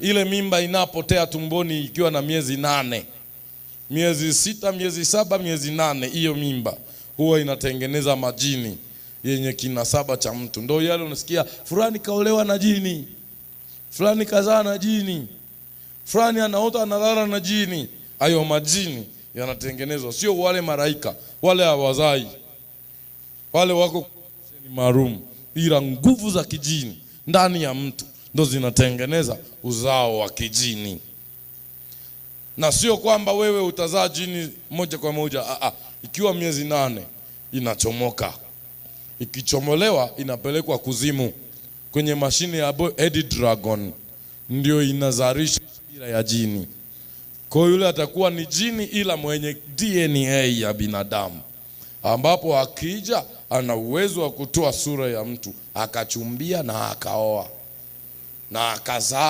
Ile mimba inapotea tumboni ikiwa na miezi nane, miezi sita, miezi saba, miezi nane, hiyo mimba huwa inatengeneza majini yenye kinasaba cha mtu. Ndio yale unasikia fulani kaolewa na jini, fulani kazaa na jini, fulani anaota analala na jini. Hayo majini yanatengenezwa, sio wale maraika, wale hawazai, wale wako maalum, ila nguvu za kijini ndani ya mtu ndo zinatengeneza uzao wa kijini, na sio kwamba wewe utazaa jini moja kwa moja a ah, -a. Ah, ikiwa miezi nane inachomoka, ikichomolewa inapelekwa kuzimu kwenye mashine ya Eddy Dragon, ndio inazalisha bila ya jini. Kwa hiyo yule atakuwa ni jini ila mwenye DNA ya binadamu, ambapo akija ana uwezo wa kutoa sura ya mtu akachumbia na akaoa. na casar,